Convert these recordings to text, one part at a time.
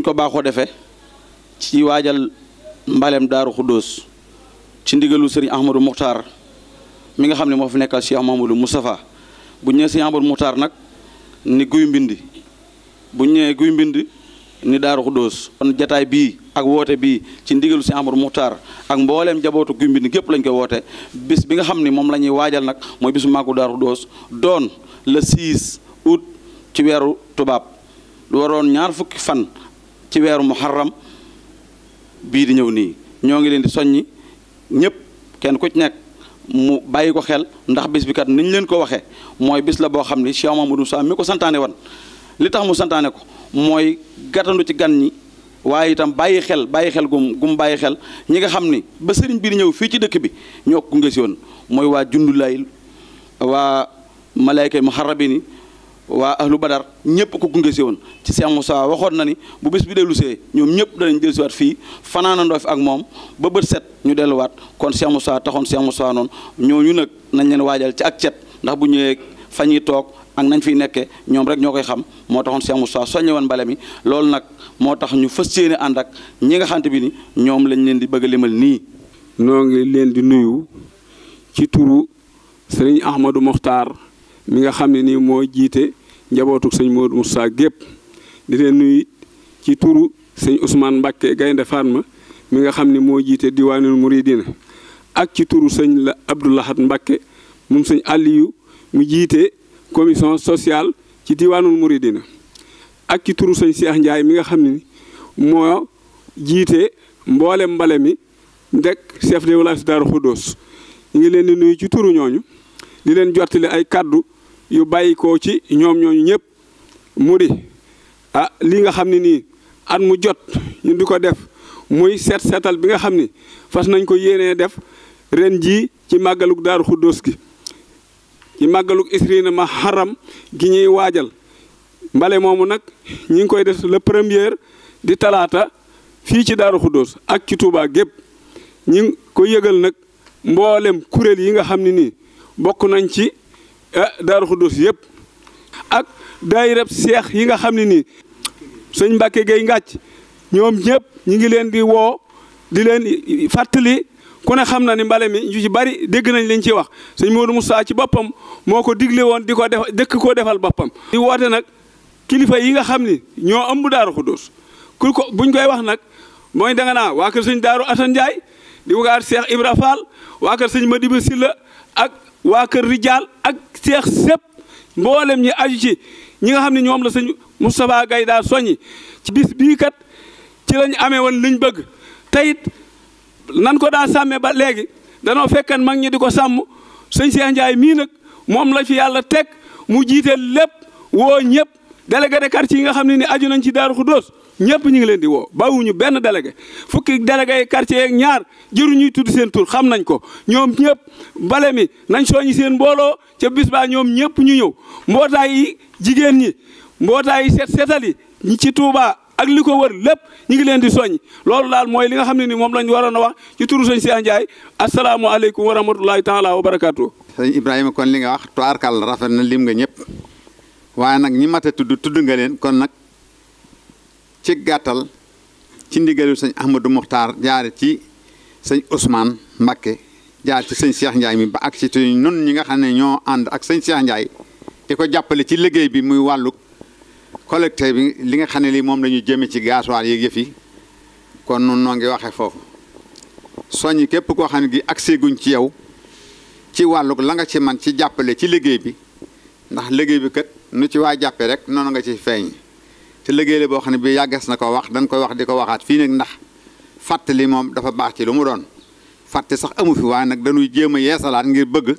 nuñ ko baaxoo defee ci waajal mbalem daaru xuddoos ci ndigalu sëriñ ahmadou muxtaar mi nga xam ne moo fi nekkal cheikh mahamadou moustapha bu ñëwee sëriñ ahmadou muxtaar nag ni guy mbind bu ñëwee guy mbind ni daaru xuddoos kon jataay bii ak woote bi ci ndigalu sëriñ ahmadou muxtaar ak mbooleem jabootu guy mbind gépp lañ koy woote bis bi nga xam ne moom la ñuy waajal nag mooy bisu màggu daaru xuddoos doon le 6 août ci weeru tubaab waroon ñaar fukki fan ci weeru muharram bii di ñëw nii ñoo ngi leen di soññi ñëpp kenn ku ci nekk mu bàyyi ko xel ndax bis bi kat ni leen ko waxee mooy bis la boo xam ni Cheikh Mamadou Sa mi ko santaane wan li tax mu santaane ko mooy gàttandu ci gan ñi waaye itam bàyyi xel bàyyi xel gum gum bàyyi xel ñi nga xam ni ba sëriñ bi di ñëw fii ci dëkk bi ñoo ko gunge si mooy waa jundulaay waa malaayka muharrabini waa ahlu badar ñëpp ku gunge si woon ci Cheikh Moussa waxoon na ni bu bés bi dellu see ñoom ñëpp danañ dellu siwaat fii fanaanandoo fi ak moom ba bët set ñu delluwaat kon Cheikh Moussa taxoon Cheikh noon ñoo ñu nag nañ leen waajal ci ak cet ndax bu ñëwee fa ñuy toog ak nañ fi nekkee ñoom rek ñoo koy xam moo taxoon Cheikh Moussa soññe woon mbale mi loolu nag moo tax ñu fës yéene ànd ak ñi nga xamante bi ni ñoom lañ leen di bëgg a limal nii noo leen di nuyu ci turu sëriñ Ahmadou Mokhtar mi nga xam ne nii moo jiite njabootug sëñ Modou Moussa gépp di leen nuyu ci turu sëñ Ousmane Mbacke Gaynde Fatma mi nga xam ni moo jiite diwaanul Mouridina ak ci turu sëñ la Abdoulahat Mbacke moom sëñ Aliou mu jiite commission sociale ci diwaanul Mouridina ak ci turu sëñ Cheikh Ndiaye mi nga xam ni moo jiite mboole mbale mi ndek chef de village Darou Khoudoss ñu ngi leen nuy ci turu ñooñu di leen jottali ay kàddu yu bàyyikoo ci ñoom ñooñu ñëpp mu di a ah, lii nga xam ne nii at mu jot ñu di ko def muy seet seetal bi nga xam ni fas nañ ko yéenee def ren ji ci màggalug daaru xuddoos gi ci màggalug isriina ma xaram gi ñuy waajal mbale moomu nag ñi ngi koy def le premier di talaata fii ci daaru xuddoos ak ci Touba gépp ñi ko yëgal nag mboolem kuréel yi nga xam ni nii bokk nañ ci ah Daaru Xuddus yëpp ak daayirab seex yi nga xam ne nii sëñ Mbàkke Gay Ngàcc ñoom ñëpp ñi ngi leen di woo di leen fàttali ku ne xam na ni mbale mi ñu ci bari dégg nañ liñ ciy wax sëñ Modou Moussa ci boppam moo ko digle woon di ko def dëkk koo defal boppam. di woote nag kilifa yi nga xam ni ñoo ëmb Daaru Xuddus ku ko buñ koy wax nag mooy danga naa waa kër sëñ Daaru Assane Ndiaye di wagaar Seex Ibra Fall waa kër sëñ Madiba Silla ak. waa kër rijaal ak seex sépp mboolem ñi aju ci ñi nga xam ne ñoom la sëñ Moustapha Gaye daa soññi ci bis bii kat ci lañ amee woon liñ bëgg teyit nan ko daa sàmmee ba léegi danoo fekkan mag ñi di ko sàmm sëñ Seex Njaay mii nag moom la fi yàlla teg mu jiite lépp woo ñëpp délégué de quartier yi nga xam ne ni aju nañ ci Daaru Xuddoos ñëpp ñu ngi leen di woo bàyyiwuñu benn délégué fukki délégué quartier yeeg ñaar jëru ñuy tudd seen xam nañ ko ñoom ñëpp bale mi nañ soññi seen mbooloo ca bis baa ñoom ñëpp ñu ñëw mbootaay yi jigéen ñi mbootaay yi seet seetal yi ñi ci Touba ak li ko wër lépp ñu ngi leen di soññ loolu daal mooy li nga xam ne ni moom lañ waroon a wax ci turu sëñ Cheikh Ndiaye asalaamaaleykum wa rahmatulahi taala wa barakaatu. sëñ Ibrahima kon li nga wax toirkal rafet na lim nga ñëpp. waaye nag ñi mat tudd tudd nga leen kon nag ci gàttal ci ndigalu sëñ Ahmadou Mokhtar jaare ci sëñ Ousmane Mbakke jaar ci sëñ Cheikh Ndiaye ba ak ci nun ñi nga xam ne ñoo ànd ak sëñ Cheikh di ko jàppale ci liggéey bi muy wàllu collecte bi li nga xam ne lii moom la ñu jëme ci gaasuwaal yi yëf yi kon nun noo ngi waxee foofu soññi képp koo xam gi agsee guñ ci yow ci wàllug la nga ci man ci jàppale ci liggéey bi ndax liggéey bi kat nu ci waa jàppe rek noonu nga ci feeñ te liggéey la boo xam ne bii yàggas na ko wax dañ koy wax di ko waxaat fii nag ndax fàttali moom dafa baax ci lu mu doon fàtte sax amu fi waa nag dañuy jéem a yeesalaat ngir bëgg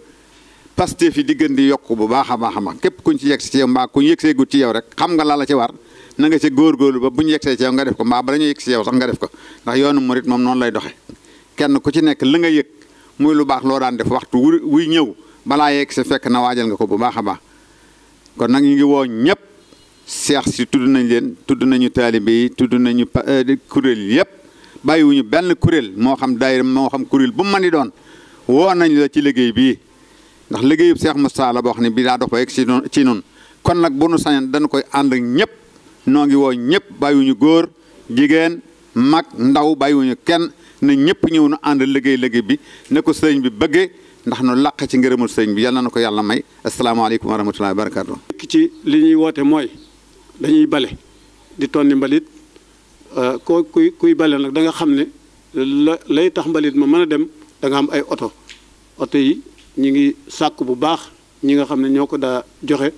Pastef yi di gën di yokk bu baax a baax a baax képp ku ci yegg si ci yow mbaa kuñ yegsee gut ci yow rek xam nga la la ci war na nga ci góorgóorlu ba bu ñu yegsee ci yow nga def ko mbaa bala ñu yegg si yow sax nga def ko ndax yoonu it moom noonu lay doxe kenn ku ci nekk la nga yëg muy lu baax loo daan def waxtu wuy ñëw balaa yegg si fekk na waajal nga ko bu baax a baax kon nag ñu ngi woo ñëpp seex si tudd nañ leen tudd nañu taalibe yi tudd nañu euh, kuréel yëpp bàyyiwuñu benn kuréel moo xam daayira moo xam kuréel bu mu mën di doon woo nañ la ci liggéey bii ndax liggéeyub seex Moustapha la boo xam ne bii daa dox rek ci noonu ci noonu kon nag bu nu sañoon dañu koy ànd ak ñëpp noo ngi woo ñëpp bàyyiwuñu góor jigéen mag ndaw bàyyiwuñu kenn na ñëpp ñëw nu ànd liggéey liggéey bi ne ko sëriñ bi bëggee. ndax nu làq ci ngërëmul sëñ bi yàlla na ko yàlla may asalaamaaleykum wa rahmatullahi wa barakaatu. ci li ñuy woote mooy dañuy bale di tonni mbalit euh, koo kuy bale nag danga xam ne la lay tax mbalit ma mën a dem da nga am ay oto oto yi ñu ngi sàkk bu baax ñi nga xam ne ñoo ko daa joxe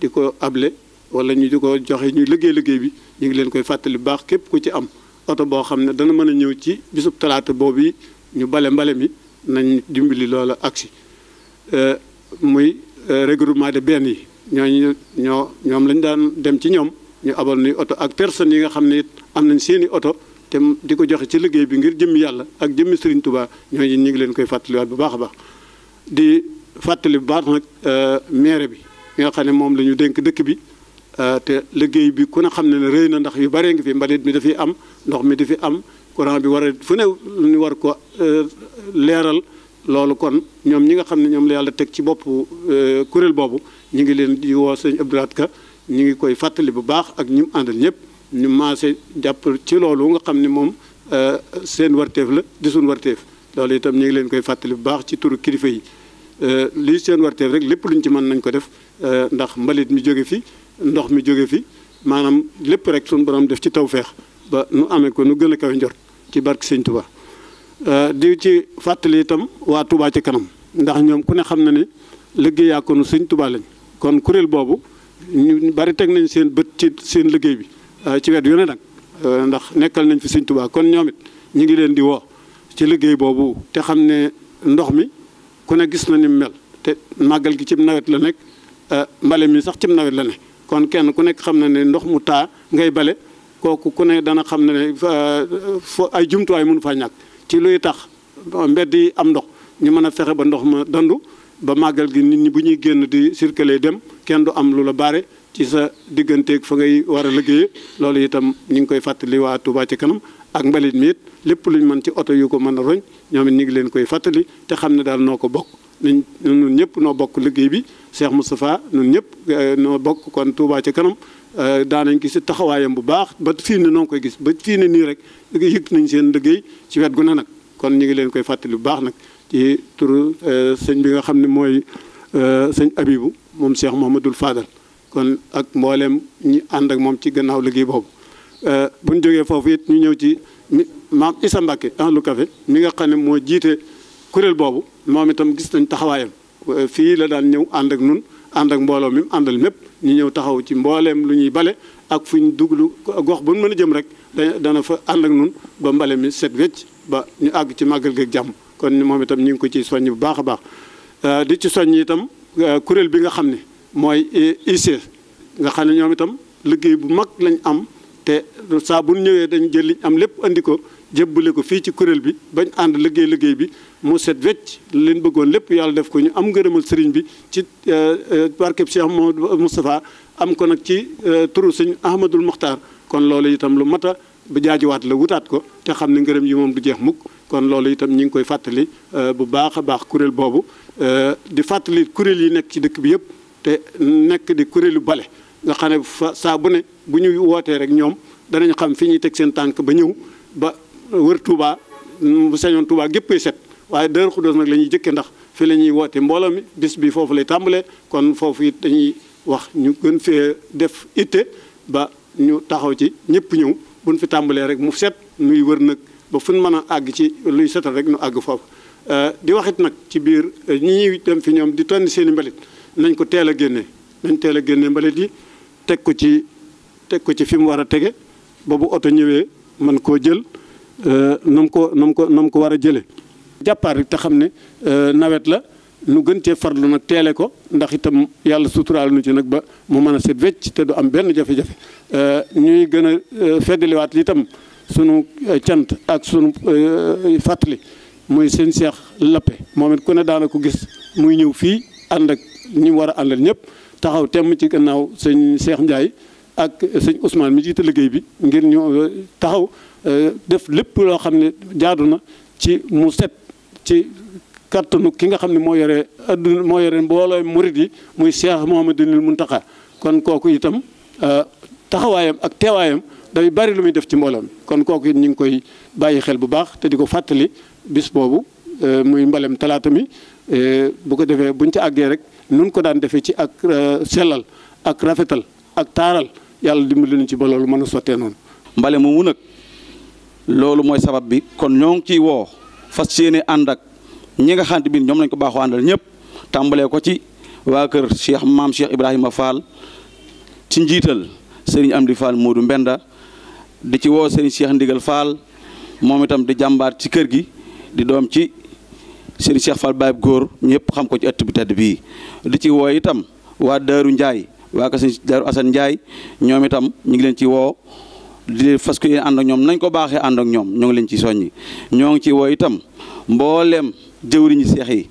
di ko able wala ñu di ko joxe ñu liggéey liggéey bi ñu ngi leen koy fàttali bu baax képp ku ci am oto boo xam ne dana mën a ñëw ci bisub talaata boobu ñu bale mbale mi. nañ dimbali loola agsi euh, muy euh, regroupement de benn yi ñooñu ñoo ñoom lañ daan dem ci ñoom ñu abal nuy oto ak personnes yi nga xam ne am nañ seeni oto te di ko joxe ci liggéey bi ngir jëmm yàlla ak jëmmi Serigne tubaa ñooñu ñu ngi leen koy fàttaliwaat bu baax a baax di fàttali bu baax nag euh, maire bi ñoo xam ne moom lañu ñu dénk dëkk bi te liggéey bi ku ne xam ne ne rëy na ndax yu baree ngi fi mbalit mi dafiy am ndox mi dafi am courant bi war a fu ne ñu war ko euh, leeral loolu kon ñoom ñi nga xam ne ñoom la yàlla teg ci bopp euh, kuréel boobu ñu ngi leen di woo sëñ Abdou Ka ñu ngi koy fàttali bu baax ak ñi mu àndal ñëpp ñu maase jàpp ci loolu nga xam ni moom euh, seen warteef la di suñ warteef loolu itam ñu ngi leen koy fàttali bu baax ci turu kilifa yi lii seen warteef rek lépp luñ ci mën nañ ko def ndax mbalit mi jóge fi ndox mi jóge fi maanaam lépp rek suñ borom def ci tawfeex ba nu amee ko nu gën a kawe ci barke sëñ Touba euh, di ci fàttali itam waa Touba ci kanam ndax ñoom ku ne xam na ni liggéey kon sëñ Touba lañ kon kuréel boobu ñu bari teg nañ seen bët ci seen liggéey bi euh, ci wet yu ne nag euh, ndax nekkal nañ fi sëñ Touba kon ñoomit it ñu ngi leen di woo ci liggéey boobu te xam ne ndox mi ku ne gis na ni mel te màggal gi cib nawet la nekk mbale mi sax cib nawet la ne kon kenn ku nekk xam na ne ndox mu taa ngay bale kooku ku ne dana xam ne fo ay jumtuwaay mënu faa ñàkk ci luy tax mbedd yi am ndox ñu mën a fexe ba ndox ma dandu ba màggal gi nit ñi bu ñuy génn di circuler dem kenn du am lu la baare ci sa digganteeg fa ngay war a liggéeyee loolu itam ñu ngi koy fàttali waa Touba ci kanam ak mbalit mi it lépp ñu mën ci oto yu ko mën a roñ ñoom it ñu leen koy fàttali te xam ne daal noo ko bokk nañ ñun ñëpp noo bokk liggéey bi Cheikh Moustapha ñun ñëpp eh, noo bokk kon Touba ci kanam Euh, daanañ gis taxawaayam bu baax ba fii ne noo koy gis ba fii ne nii rek yëg nañ seen liggéey ci wet gu nag kon ñu ngi leen koy fàttali bu baax nag ci turu euh, sëñ bi nga xam ne mooy euh, sëñ Abibu moom Cheikh Mouhamadul Fadal kon ak mbooleem ñi ànd ak moom ci gannaaw liggéey boobu. bu ñu jógee foofu it ñu ñëw ci maam Issa Mbacke Ahlu Café mi nga xam ne moo jiite kuréel boobu moom itam gis nañ taxawaayam fii la daan ñëw ànd ak nun ànd ak mbooloo mi àndal mépp ñu ñëw taxaw ci mbooleem lu ñuy bale ak fu ñu duglu gox bu mën a jëm rek dana fa ànd ak nun ba mbale mi set wecc ba ñu àgg ci màggal gi jàmm kon moom itam ñu ngi ko ci soññ bu baax a baax euh, di ci soññ itam euh, kuréel bi nga xam ne mooy euh, ICS nga xam ne ñoom itam liggéey bu mag lañ am te saa bu ñëwee dañ jël liñ am lépp andi ko jébbale ko fii ci kuréel bi bañ ànd liggéey liggéey bi mu set wecc leen bëggoon lépp yàlla def ko ñu am ngërëmal sëriñ bi ci euh, euh, barkeb Cheikh Mouhamadou Moustapha am ko nag ci euh, turu sëñ Ahmadul Mokhtar kon loolu itam lu mat a ba jaajuwaat la wutaat ko te xam ne ngërëm yi moom du jeex mukk kon loolu itam ñi ngi koy fàttali bu baax a baax kuréel boobu di fàttali kuréel yi nekk ci dëkk bi yëpp te nekk di kuréelu bale nga xam ne fa saa bu ne bu ñu wootee rek ñoom danañ xam fi ñuy teg seen tànk ba ñëw ba wër Touba bu sañoon Touba géppee set waaye Daaru Xuddoos nag la ñuy jëkke ndax fi la ñuy woote mbooloo mi bis bi foofu lay tàmbalee kon foofu it dañuy wax ñu gën fee def itte ba ñu taxaw ci ñëpp ñëw buñ fi tàmbalee rek mu set nuy wër nag ba fu ñu mën a àgg ci luy setal rek ñu àgg foofu euh, di waxit nag ci biir euh, ñi dem fi ñoom di tonni seen i mbalit nañ ko teel a génnee nañ teel a génnee mbalit yi teg ko ci teg ko ci fi mu war a tege ba bu oto ñëwee mën koo jël euh, na mu ko na ko na ko war a jëlee jàppaar rek te xam ne euh, nawet la nu gën cee farlu nag teele ko ndax itam yàlla suturaal nu ci nag ba mu mën a set wecc te du am benn jafe-jafe euh, ñuy gën a euh, feddaliwaat itam sunu cant ak sunu fàttali muy seen Seex Lappe moom it ku ne daana ko gis muy ñëw fii ànd ak ñi war a àndal ñëpp taxaw tem ci gannaaw sëñ Seex Ndiaye ak sëñ Ousmane mi jiita liggéey bi ngir ñu taxaw def lépp loo xam ne jaadu na ci mu set ci kattanu ki nga xam ne moo yore adduna moo yore mbooloo murit yi muy Cheikh Mouhamadoul Mountakha kon kooku itam euh, taxawaayam ak teewaayam day bari lu muy def ci mbooloom kon kooku ñu ngi koy bàyyi xel bu baax te di ko fàttali bis boobu euh, muy mbalem talaata mi euh, bu ko defee buñ ci àggee rek nun ko daan defee ci ak sellal ak rafetal ak taaral yàlla dimbali nu ci ba loolu mën a sottee noonu. mbale moomu nag loolu mooy sabab bi kon ñoo ngi ciy woo. fas yéene ànd ak ñi nga xamante bi ñoom lañ ko baaxoo àndal ñëpp tàmbalee ko ci waa kër cheikh maam cheikh Ibrahima Fall ci njiital sëriñ Amdi Fall Modou Mbenda di ci woo sëriñ cheikh Ndigal Fall moom itam di jàmbaar ci kër gi di doom ci sëriñ cheikh Fall Baye góor ñëpp xam ko ci ëtt bi tedd bii di ci woo itam waa Daaru Ndiaye waa ko sëriñ Daaru Assane Ndiaye ñoom itam ñu ngi leen ci woo. di fas ko yéen ànd ak ñoom nañ ko baaxee ànd ak ñoom ñoom ngi leen ci soññi ñoo ngi ci woo itam mbooleem jëwriñu seex yi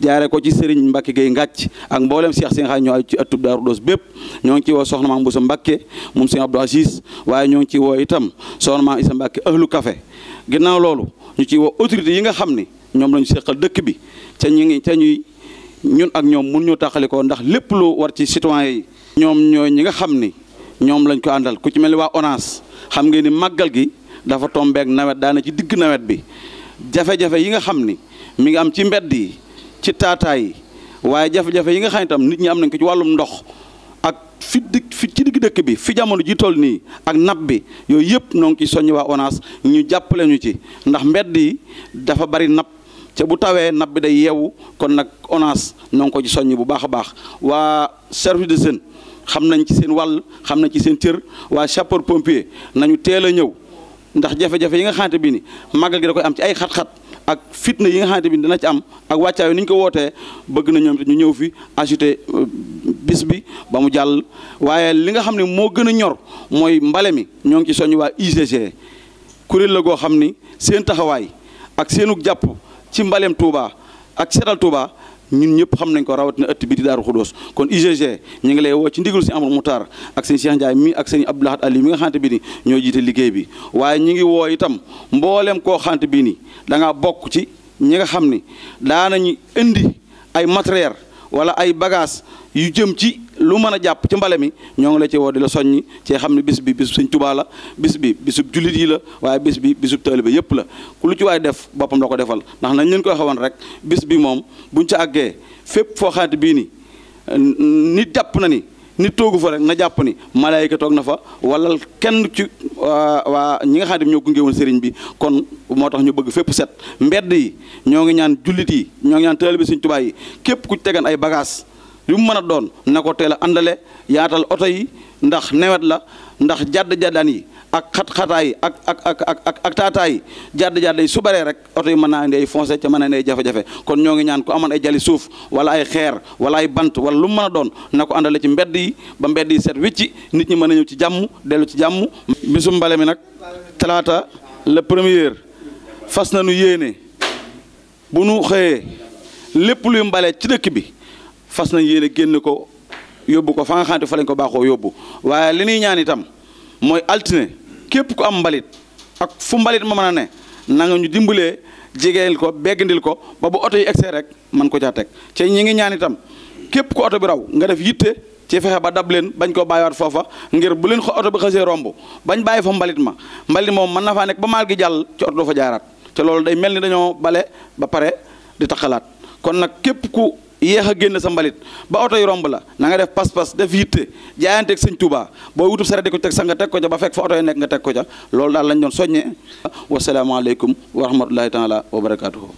jaare ko ci sëriñ Mbacke Gueye ngàcc ak mboolem seex si nga xam ñoo ay ci ëttub Daaru Doos bépp ñoo ngi ci woo soxna Maam Boussa Mbacke moom Serigne Abdou Aziz waaye ñoo ngi ci woo itam soxna Maam Issa Mbacke ahlu café ginnaaw loolu ñu ci woo autorité yi nga xam ni ñoom la ñu seqal dëkk bi ca ñu ngi ca ñuy ñun ak ñoom mun ñoo taxalikoo ndax lépp lu war ci citoyen yi ñoom ñooy ñi nga xam ni ñoom lañ ko àndal ku ci mel ni waa ONAS xam ngeen ni màggal gi dafa tombeek nawet daana ci digg nawet bi jafe-jafe yi nga xam ni mi ngi am ci mbedd yi ci taataa yi waaye jafe-jafe yi nga xam itam nit ñi am nañ ko ci wàllum ndox ak fi fi ci digg dëkk bi fi jamono ji toll nii ak napp bi yooyu yëpp non ngi ciy waa ONAS ñu jàppale ñu ci ndax mbedd yi dafa bari napp te bu tawee napp bi day yeewu kon nag ONAS noo ko ci soññ bu baax a baax waa service de jeunes xam nañ ci seen wàll xam nañ ci seen cër waaye sapeur pompier nañu teel a ñëw ndax jafe-jafe yi nga xamante bi ni màggal gi da koy am ci ay xat-xat ak fitna yi nga xamante bi dana ci am ak wàccaayu ni ko wootee bëgg na ñoom te ñu ñëw euh, ba mu jàll waaye li nga xam ne moo gën a ñor mooy mbale mi ñoo ngi ci soññ waa UGC kuréel la goo xam ni seen taxawaay ak seenu jàpp ci mbaleem Touba ak seetal Touba ñun ñëpp xam nañ ko rawatina ëtt bi di daaru xudóos kon UGG ñu ngi lay woo ci ndigal si amul mutar ak seen Cheikh Ndiaye mi ak seen Abdou Lahad Ali mi nga xamante bi ni ñoo jiite liggéey bi waaye ñu ngi woo itam mbooleem koo xamante bi ni da ngaa bokk ci ñi nga xam ni daanañu indi ay matériel wala ay bagage yu jëm ci lu mën a jàpp ci mbale mi ñoo ngi la ci woo di la soññi ci xam ne bis bi bisub sëñ Tuubaa bis bi bisub jullit yi la waaye bis bi bisub taalibe yépp la ku lu ci waay def boppam la ko defal ndax nañ leen koy xawoon rek bis bi moom buñ ci àggee fépp foo xamante bii ni nit jàpp na ni nit toogu fa rek na jàpp ni malaayika toog na fa wala kenn ci waa ñi nga xam ne ñoo gunge woon sëriñ bi kon moo tax ñu bëgg fépp set mbedd yi ñoo ngi ñaan jullit yi ñoo ngi ñaan taalibe Sëriñ Tuubaa yi képp ku tegan ay bagage yu mu mën a doon na ko teel a àndale yaatal oto yi ndax newet la ndax jàdd-jàddaan yi ak xat-xataa ak ak ak ak ak ak taataa yi jàdd-jàdd yi su baree rek oto yi mën naa indi ay foncé ca mën naa indi ay jafe-jafe kon ñoo ngi ñaan ku amoon ay jali suuf wala ay xeer wala ay bant wala lu mu a doon na ko àndale ci mbedd yi ba mbedd yi set wicci nit ñi mën a ci jàmm dellu ci jàmm bisum mbale mi nag talaata le premier fas na nu yéene bu nu xëyee lépp luy mbale ci dëkk bi fas nañ yéene génn ko yóbbu ko fa nga xamante fa lañ ko baaxoo yóbbu waaye li ñuy ñaan itam mooy altine képp ku am mbalit ak fu mbalit ma ne na ñu dimbalee jigéel ko beggandil ko ba bu oto yi egsee rek man ko caa teg te ñi ngi ñaan itam képp ku oto bi raw nga def yitte ci fexe ba dab leen bañ ko bàyyiwaat foofa ngir bu leen ko oto bi xasee romb bañ bàyyi fa mbalit ma mbalit moom mën na faa nekk ba maal gi jàll ci oto doo fa jaaraat te loolu day mel ni dañoo bale ba pare di taxalaat kon nag képp ku yéex a génn sa mbalit ba otoy romb la na nga def pas-pas def yitte jaayanteeg sëñ tuba boo wutub sare di ko teg sax nga teg ko ca ba fekk fa oto yi nekk nga teg ko ca loolu daal lañ doon soññee wasalaamaaleykum wa rahmatulahi taala wa barakaatuhu